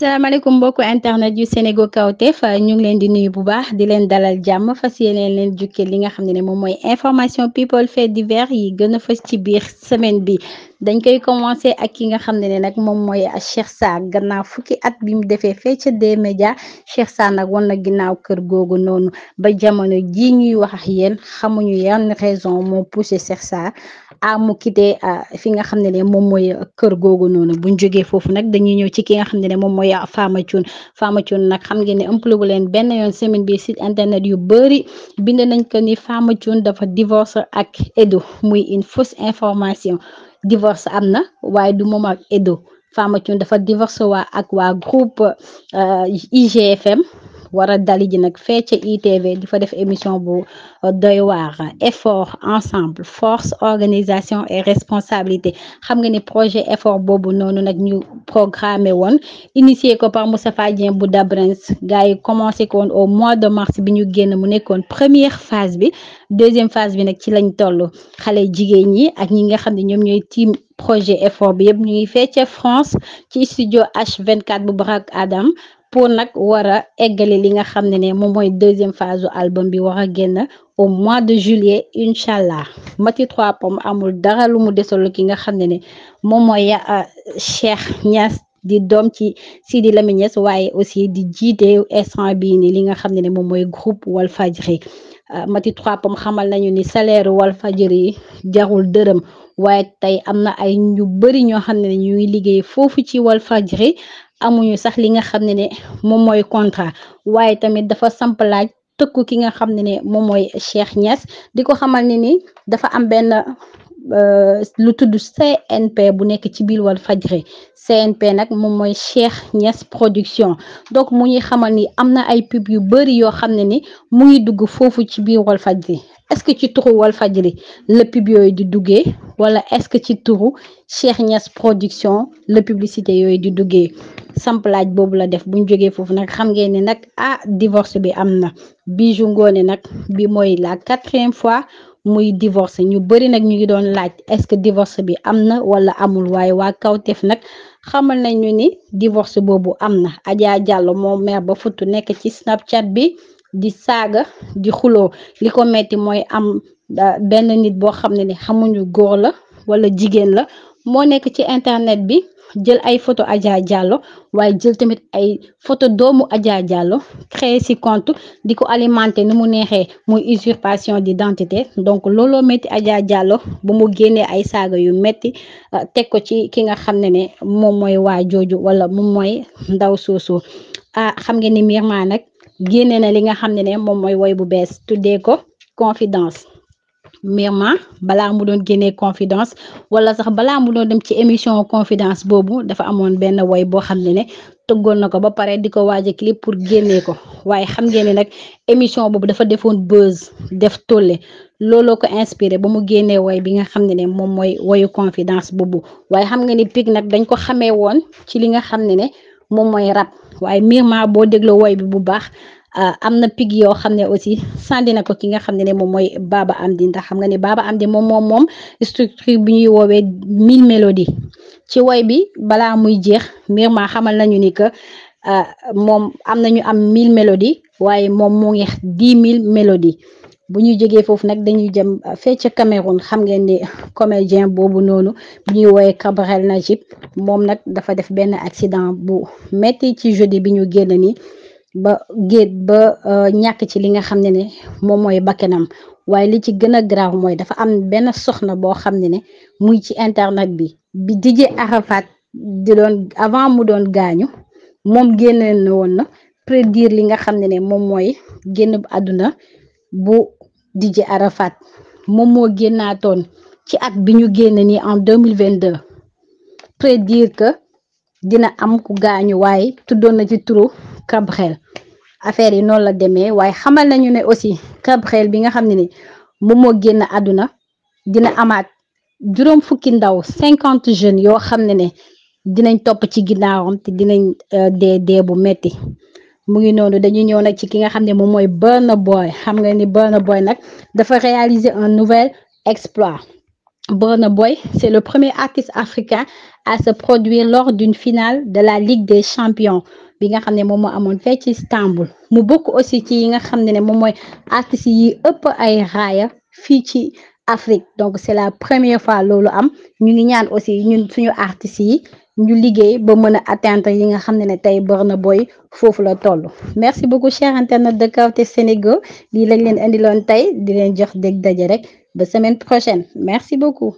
asalaamaaleykum mbokku internet yu Sénégo Kawtef ñu ngi leen di nuyu bu baax di leen dalal jàmm fas yéene leen jukkee li nga xam ne ne moom mooy information people fait divers yi gën a fës ci biir semaine bi dañ koy commencé ak ki nga xam ne ne nag moom mooy Cheikh Sarr gannaaw fukki at bi mu defee fee ca des médias Cheikh Sarr nag wan na ginnaaw kër googu noonu ba jamono jii ñuy wax ak yéen xamuñu yan raison moo poussé Cheikh Sarr a mu quitté ah, fi nga xam ne ne moom mooy kër googu noonu buñ jógee foofu nag dañuy ñëw ci ki nga xam ne ne moom mooy ah, Fama Thioune Fama Thioune nag xam ngeen ne ëmpale wu leen benn yoon semaine bi site internet yu bëri bind nañ ko ni Fama Thioune dafa divorce ak Edo muy une fausse information divorce am na waaye du moom ak Edo Fama dafa divorce waa ak waa groupe ah, IGFM war a dali ji nag fee ITV di fa def émission bu euh, doy waar effort ensemble force organisation et responsabilité xam nga ni projet effort boobu noonu nag ñu programme woon initier ko par Moustapha Dieng bu Dabrins gars yi commencé ko woon au mois de mars bi ñu génn mu nekkoon première phase bi deuxième phase bi nag ci lañ toll xale jigéen ñi ak ñi nga xam ne ñoom ñooy team projet effort bi yëpp ñu ngi fee ca France ci studio H24 bu Barack Adam pour nag war a eggali li nga xam ne ne moom mooy deuxième phase album bi wax a génn au mois de juillet incha allah Maty Trois Pommes amul dara lu mu desalu ki nga xam ne ne moom mooy euh, Cheikh Niass di doom ci Sidi Lamine Niass aussi di jiite instant bi ni li nga xam ne ne moom mooy groupe Walfadjri euh, Maty Trois Pommes xamal nañu ni salaire Walfadjri jarul dërëm waaye tey am na ay ñu bëri ñoo xam ne ñu liggéey foofu ci Walfadjri amuñu sax li nga xam ne ne moom mooy contrat waaye tamit dafa samp tëkku ki nga xam ne ni moom mooy Cheikh Niass di ko xamal ne ni dafa am benn euh, lu tudd CNP bu nekk ci biir Walfadjri CNP nag moom mooy Cheikh ñes production donc mu ñuy xamal ni am na ay pub yu bëri yoo xam ne ni mu ngi dugg foofu ci biir Walfadjri est-ce que ci turu Walfadjri la pub yooyu di duggee wala est-ce que ci turu Cheikh Niass production la publicité yooyu di duggee samplaaj boobu la def buñ jógee foofu nag xam ngeen ni nag ah divorce bi am na Bijou ngoone nag bi mooy la quatrième fois muy divorce ñu bëri nag ñu ngi doon laaj est-ce que divorce bi am na wala amul waaye waa kawteef nag xamal ñu ni divorce boobu am na ajaa Diallo moom maire ba futtu nekk ci Snapchat bi di saaga di xuloo li ko metti mooy am benn nit boo xam ne ni xamuñu góor la wala jigéen la moo nekk ci internet bi jël ay photo Adja Diallo waaye jël tamit ay photo doomu Adja Diallo créé ci compte di ko alimenté ni mu neexee muy usurpation d'identité donc looloo métti Adja Diallo ba mu génnee ay saaga yu métti euh, teg ko ci ki nga xam ne ne moom mooy waa jooju wala moom mooy ndaw soosu ah xam nga ni Myrma nag génne na li nga xam ne ne moom mooy woy bu bees tuddee ko confidence Myrma balaa mu doon génnee confidence wala sax balaa mu doon dem ci émission confidence boobu dafa amoon benn woy boo xam ne ne tëggoon na ko ba pare di ko waaj a clip pour génnee ko waaye xam ngeen ne nag émission boobu dafa defoon buzz def tolle looloo ko inspiré ba mu génnee woy bi nga xam ne ne moom mooy woyu confidence boobu waaye xam nga ni pig nag dañ ko xamee woon ci li nga xam ne ne. moom mooy rab waaye Mirma boo dégloo woy bi bu baax ah, am na pig yoo xam ne aussi sandi na ko ki nga xam ne ne moom mooy Baba Amdi ndax xam nga ne Baba Amdi moom moom moom structure bi ñuy woowee mille mélodies ci woy bi balaa muy jeex Mirma xamal nañu ni que ah, moom am nañu am mille mélodies waaye moom mu ngi dix mille mélodies bu ñuy jógee foofu nag dañuy jëm euh, fee ca Cameroun xam ngeen ni comédien boobu noonu bu ñuy woowee Cabrel Najib moom nag dafa def benn accident bu metti ci jeudi bi ñu génn nii ba gét ba euh, ñàkk ci li nga xam ne ne moom mooy bakkanam waaye li ci gën a grave mooy dafa am benn soxna boo xam ne ne muy ci internet bi bi DJ Arafat di doon avant mu doon gaañu moom génn na woon na prédire li nga xam ne ne moom mooy génn àdduna bu. DJ Arafat moom moo génnaatoon ci at bi ñu génn nii en 2022 prédire que dina am ku gaañu waaye tuddoon na ci turu Cabrel affaire yi noonu la demee waaye xamal nañu ne aussi Cabrel bi nga xam ne ni moom moo génn adduna dina amaat juróom fukki ndaw cinquante jeunes yoo xam ne ne dinañ topp ci ginnaawam te dinañ euh, dee dee bu metti mu ngi noonu dañuy ñëw nag ci ki nga xam ne moom mooy Burna Boy xam nga ni Burna Boy nag dafa réaliser un nouvel exploit Burna Boy c'est le premier artiste africain à se produire lors d'une finale de la Ligue des Champions bi nga xam ne moom moo amoon fee ci Istanbul mu bokk aussi ci yi nga xam ne ne moom mooy artistes yi ëpp ay raaya fii ci Afrique donc c'est la première fois loolu am ñu ngi ñaan aussi ñun suñu artistes yi ñu liggéey ba mën a atteindre yi nga xam ne ne tey Burna Boy foofu la toll merci beaucoup cher internet de Kawtef Sénégal lii lañ leen indiloon tey di leen jox dég daje rek ba semaine prochaine merci beaucoup